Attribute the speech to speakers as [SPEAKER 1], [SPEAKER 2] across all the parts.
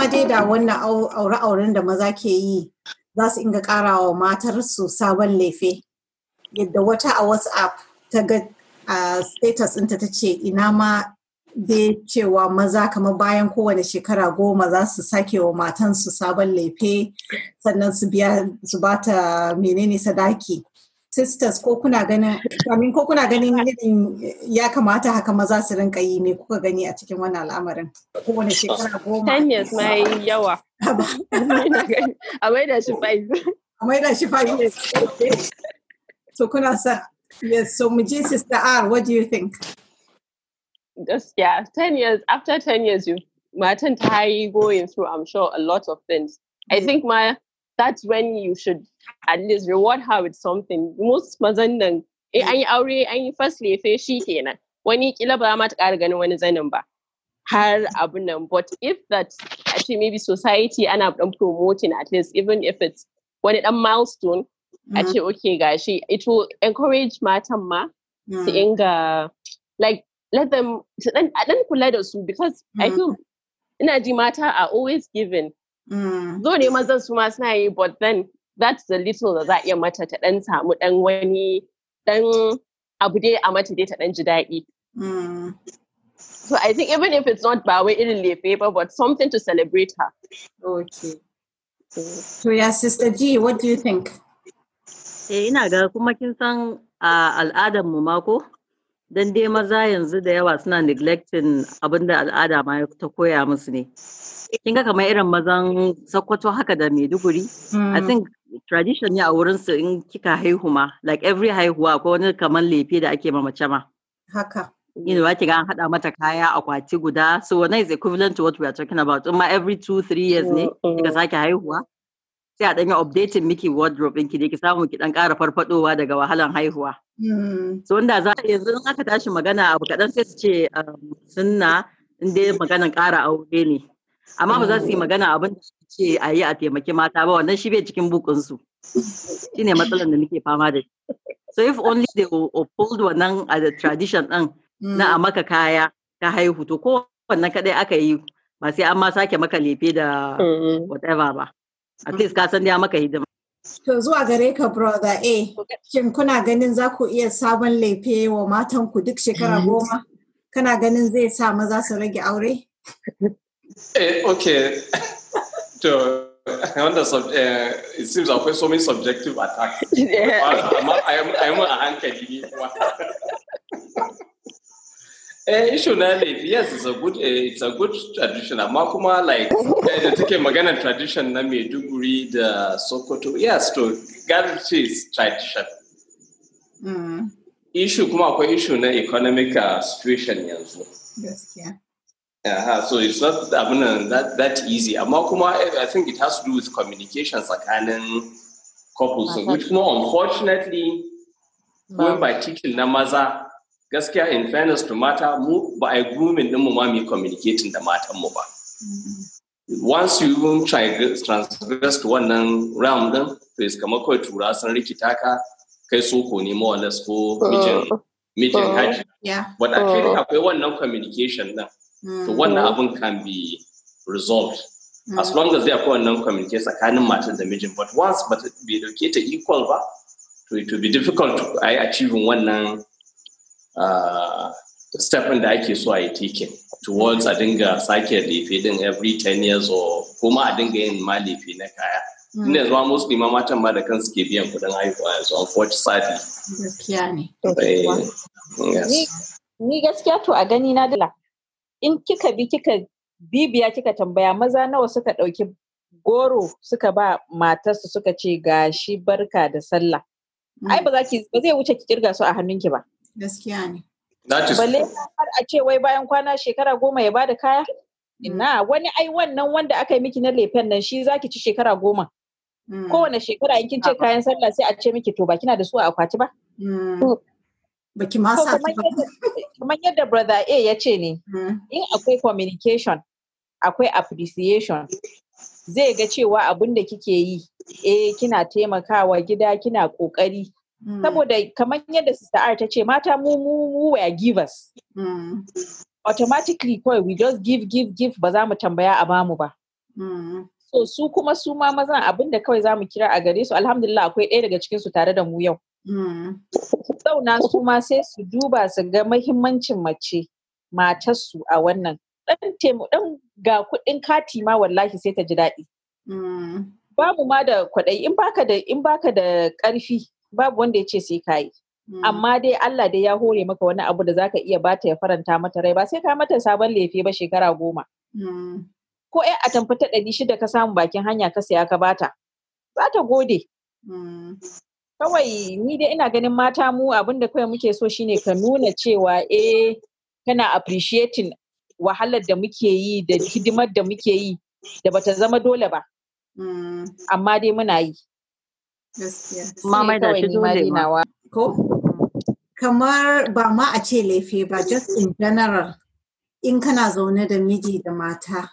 [SPEAKER 1] dama dai da wannan aure-auren da maza ke yi za su inga karawa matar su sabon laife yadda wata a whatsapp ta ga status ɗinta ta ce ina ma dai cewa maza kamar bayan kowane shekara goma za su sake wa matansu sabon laife sannan su biya su bata menene sadaki sisters ko kuna ganin amin ko kuna ganin irin ya kamata haka maza su rinka yi ne kuka gani a cikin wannan al'amarin kowane shekara goma ten years My yawa a maida shi five a maida shi five years so kuna sa yes so mu je sister R what do you think
[SPEAKER 2] just yeah 10 years after 10 years you matan ta yi going through i'm sure a lot of things i mm. think my that's when you should at least reward her with something most mazan nan eh an yi aure an yi first lefe kenan wani kila ba ma ta ƙara ganin wani zanin ba har abun nan but if that actually maybe society ana dan promoting at least even if it's wani a milestone a mm-hmm. ce okay gashi it will encourage matan ma su mm. inga like let them a dan kula da su because I mm-hmm. feel ina ji mata are always given Mm. Zo ne mazan su ma suna yi, but then that's the little da za a iya mata ta ɗan samu ɗan wani ɗan abu dai a mata dai ta ɗan ji daɗi. Mm. So I think even if it's not ba wai irin lefe ba, but something to celebrate her. Okay.
[SPEAKER 1] So yeah, Sister G, what do you think?
[SPEAKER 3] Eh, ina ga kuma kin san ah, al'adar mu mako? don dai maza yanzu da yawa suna neglectin abin da al'ada ma ta koya musu ne kin ga kamar irin mazan sakkwato haka da maiduguri hmm. i think tradition ne a wurin su in kika haihu ma like every haihuwa ko wani kamar lefe da ake ma mace ma
[SPEAKER 1] haka you
[SPEAKER 3] know ake ga an hada mata kaya akwati guda so what is equivalent to what we are talking about in every two three years ne oh, oh. kika sake haihuwa sai a danyi updating miki wardrobe ɗinki ne ki samu ki dan ƙara farfadowa daga wahalan haihuwa
[SPEAKER 2] Hmm.
[SPEAKER 3] So wanda za a yanzu in aka tashi magana abu kaɗan sai su ce um, sunna in dai maganan ƙara aure ne. Amma ba za su yi hmm. magana abin da su ce a yi a taimaki mata ba wannan shi bai cikin bukunsu. Shi ne matsalar da muke fama da shi. So if only they uphold wannan a uh, the tradition ɗin na a hmm. maka kaya ka haihu to ko wannan kaɗai aka yi ba sai an ma sake maka lefe da whatever ba. At least ka san dai maka hidima.
[SPEAKER 1] To zuwa gare ka brother eh, A, shin kuna ganin za ku iya sabon laife wa matanku duk shekara mm. goma? Kana ganin zai sa maza su rage aure?
[SPEAKER 4] Eh, okay. to, wanda uh, eh, it seems akwai so many subjective attacks. I am a hankali ne kuwa. Eh, issue na laifi, yes, it's a good, eh, it's a good tradition, amma kuma like eh, da take maganar tradition na Maiduguri da Sokoto, yes, to garance is tradition. Mm. Issue kuma akwai issue na economic uh, situation yanzu. Gaskiya. Uh-huh. So it's not I that, that easy. Amma kuma I think it has to do with communication tsakanin couples, which more unfortunately, going by teaching na maza gaskiya in fairness to mata mu ba a yi grooming din mu ma mu communicating da matan mu ba once you even transgress to wannan realm din to is kamar kawai tura sun rikita ka kai soko ne more or less ko mijin oh. mijin oh. haji
[SPEAKER 1] but a kai oh.
[SPEAKER 4] akwai wannan communication din to wannan mm. abun can be resolved mm. as long as dai akwai wannan communication tsakanin matan da mijin but once ba bai dauke ta equal ba to it will be difficult to achieving wannan Uh, step in da ake so a yi taken towards a dinga sake lefe din every 10 years or kuma a dinga yin ma lefe na kaya hmm. Ina yanzu ma mostly ma matan ma da kan suke biyan kudin haihuwa yanzu unfortunately.
[SPEAKER 5] Gaskiya ne. Eh, ni gaskiya to a gani na dala. In kika bi kika bibiya kika tambaya maza nawa suka ɗauki goro suka ba matarsu suka ce gashi barka da sallah. Ai hmm. ba za ki ba zai wuce ki kirga su a hannunki ba. Gaskiya ne.
[SPEAKER 4] har
[SPEAKER 5] a ce wai bayan kwana shekara goma ya bada kaya? Mm. Ina wani ai wannan wanda aka yi miki na lefen nan shi zaki ci shekara goma. Mm. Kowane shekara in kin ce kayan sallah sai a ce miki to ba kina da su a akwati
[SPEAKER 1] ba? Mm. Baki ma sa ba.
[SPEAKER 5] Kamar yadda brother A ya ce ne, in akwai communication, akwai appreciation, zai ga cewa abin da kike yi, eh kina taimakawa gida kina kokari Mm. Saboda kamar yadda Sister ta ce mata mu mu mu are givers. Mm. Automatically kawai we just give give give ba za mu tambaya a bamu ba.
[SPEAKER 1] Mm. So su
[SPEAKER 5] kuma su ma mazan abin da kawai za mu kira a gare su alhamdulillah akwai ɗaya daga cikin su tare da mu yau. Zauna su ma sai su duba su ga mahimmancin mace matarsu a wannan. dan temu dan ga kuɗin kati ma wallahi sai ta ji daɗi. Babu ma da kwaɗayi in baka da in baka da ƙarfi babu wanda ya ce sai ka yi mm. amma dai Allah dai ya hore maka wani abu da zaka iya bata ya faranta mata rai ba sai ka mata sabon lefe ba shekara goma mm. ko ai a tamfi ta ɗari shida ka samu bakin hanya ka saya ka bata za ta gode mm. kawai ni dai ina ganin mata mu abinda kawai muke so shine ka nuna cewa eh kana appreciating wahalar da muke yi da hidimar da muke yi da bata zama dole ba amma dai muna yi
[SPEAKER 1] kamar ba ma a ce laifi ba just in general in kana zaune da miji da mata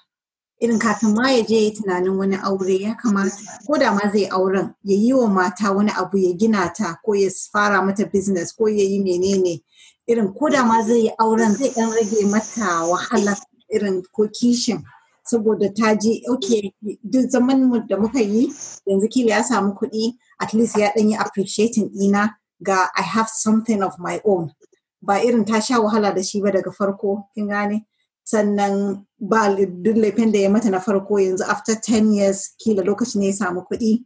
[SPEAKER 1] irin kafin ma ya je tunanin wani aure ya kamata ko da ma zai auren ya yi wa mata wani abu ya gina ta ko ya fara mata business ko ya yi menene irin ko da ma zai yi auren zai dan rage mata wahala irin ko kishin saboda ta ji ok duk zaman da muka yi yanzu kila ya samu kuɗi at least ya ɗanyi appreciating ina ga I have something of my own. Ba irin ta sha wahala da shi ba daga farko, kin gane? Sannan ba duk laifin da ya mata na farko yanzu after 10 years kila lokacin ne ya samu kuɗi.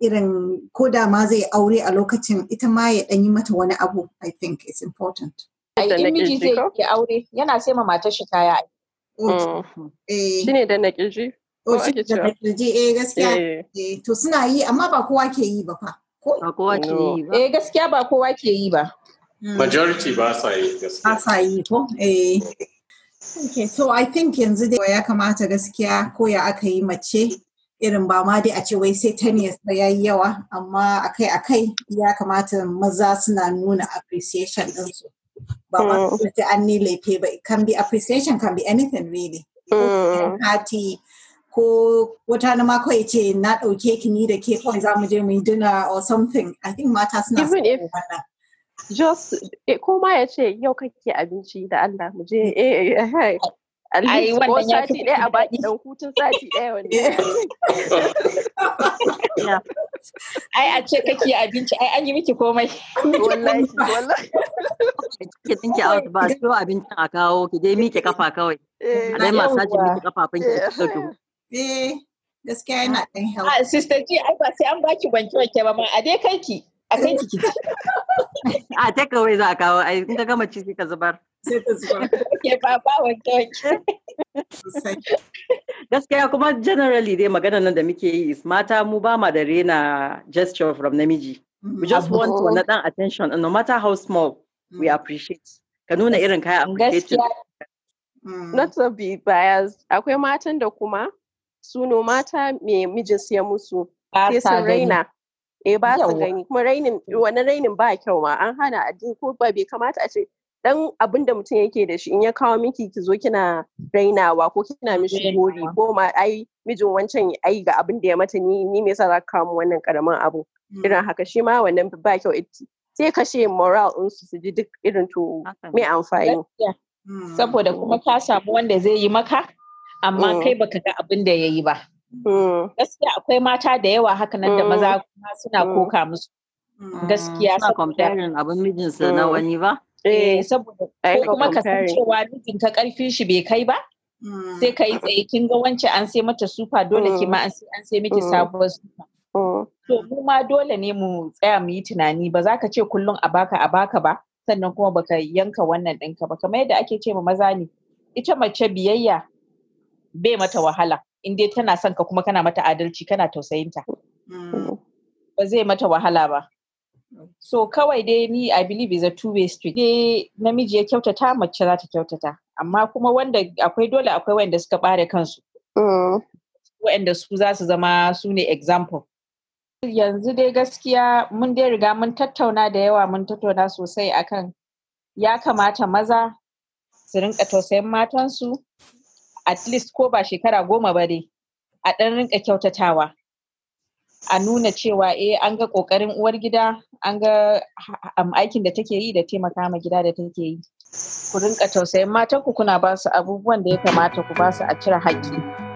[SPEAKER 1] Irin ko da ma zai aure a lokacin ita ma ya ɗanyi mata wani abu, I think it's important. In miji zai
[SPEAKER 5] aure yana sai ma matar shi kaya.
[SPEAKER 1] Mm. Mm.
[SPEAKER 5] Eh. Shi ne da na ƙirji? da oh, kirji eh gaskiya
[SPEAKER 1] eh. to suna yi amma ba kowa ke yi ba fa ba kowa ke yi ba eh gaskiya ba kowa ke yi ba hmm. majority ba
[SPEAKER 3] sa yi gaskiya
[SPEAKER 1] ba sa yi ko eh Okay, so I think yanzu dai ya kamata gaskiya ko ya aka yi mace irin ba ma dai a ce wai sai tennis ba ya yi yawa amma akai-akai ya kamata maza suna nuna appreciation din su. Ba ma hmm. sai an ni laife ba, it can be appreciation can be anything really. Mm. Party, ko wata na mako ya ce na ɗauke ki ni da ke kawai za mu je mu yi dinner or something I think mata suna son
[SPEAKER 2] wannan just eh, ko ma ya ce yau kake abinci da Allah mu je eh eh, eh Ai wannan ya fi ɗaya a baki ɗan hutun sati ɗaya wanda.
[SPEAKER 5] Ai a ce kake abinci ai an yi miki komai.
[SPEAKER 3] Wallahi wallahi. Ki tsinki out ba so abincin a kawo ki dai miki kafa kawai.
[SPEAKER 1] Alai eh. masaji miki kafafun ki da ki eh gaskiya
[SPEAKER 3] yana ah. ɗan help ah, sister
[SPEAKER 5] ji ai ba sai an baki wanke wanke ba ma a dai kai ki a kai ki ki a
[SPEAKER 3] ah, take away za a kawo ai in ka gama ci sai ka zubar sai ka zubar ke ba ba wanke gaskiya kuma generally dai magana nan da muke yi is mata mu ba ma da rena gesture from namiji we mm-hmm. just want to na dan attention and no matter how small we mm. appreciate ka nuna irin kaya appreciate
[SPEAKER 2] mm. not to be biased akwai matan da kuma su mata me mijin ya musu
[SPEAKER 4] sai sun raina
[SPEAKER 2] eh ba su gani kuma rainin mm. wani rainin ba kyau ma an hana addini ko ba bai kamata a ce dan abin da mutum yake da shi in ya kawo miki ki zo kina rainawa ko kina mishi gori ko ma ai mijin wancan ai ga abin da ya mata ni ni me yasa za ka kawo wannan karamin abu mm. irin haka shi ma wannan ba kyau sai kashe moral din su su ji duk irin to me amfani
[SPEAKER 5] mm. saboda kuma ka samu wanda zai yi maka amma mm. kai baka ga abin da ya yi ba mm. gaskiya akwai mata da yawa haka nan da mm. maza kuma suna koka musu gaskiya saboda abin mijinsa na wani ba eh saboda ko kuma ka san cewa mijinka karfin shi bai kai ba
[SPEAKER 1] sai ka yi tsaye
[SPEAKER 5] kin ga wance an sai mata sufa dole ki ma an sai an sai miki sabuwar sufa to mu ma dole ne mu tsaya mu yi tunani ba za ka ce kullum a baka a baka ba sannan kuma baka yanka wannan ɗinka ba kamar yadda ake ce ma maza ne ita mace biyayya bai mata wahala in dai tana son ka kuma kana mata adalci kana tausayinta mm. ba zai mata wahala ba so kawai dai ni i believe is a two way street dai namiji ya kyautata mace za ta kyautata amma kuma wanda akwai dole akwai wanda suka bare kansu mm. wa'anda su za su zama su ne example yanzu dai gaskiya mun dai riga mun tattauna da yawa mun tattauna sosai akan ya kamata maza su rinka tausayin matansu at least ko ba shekara goma ba dai a ɗan rinka kyautatawa a nuna cewa eh an ga ƙoƙarin uwar gida an ga aikin da take yi da taimaka ma gida da take yi ku rinƙa tausayin matanku kuna ba su abubuwan da ya kamata ku ba su a cire haƙƙi.